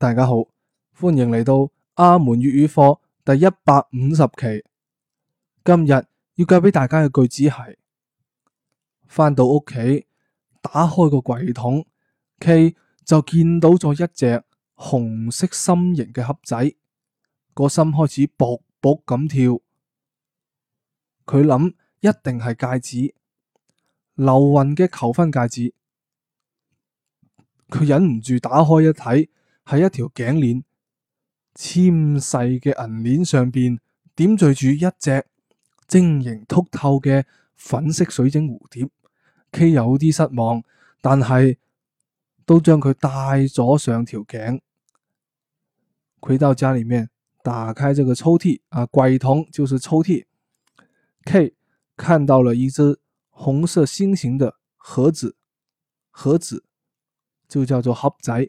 大家好，歡迎嚟到阿門粵語課第一百五十期。今日要教俾大家嘅句子係：翻到屋企，打開個櫃桶，Kate 就見到咗一隻紅色心形嘅盒仔，個心開始 bo bo 咁跳。佢諗一定係戒指，劉雲嘅求婚戒指。佢忍唔住打開一睇。喺一條頸鏈，纖細嘅銀鏈上邊點綴住一隻晶瑩剔透嘅粉色水晶蝴蝶。K 有啲失望，但係都將佢戴咗上條頸。回到家裏面，打開這個抽屜，啊櫃桶，就是抽屜。K 看到了一隻紅色心形的盒子，盒子就叫做盒仔。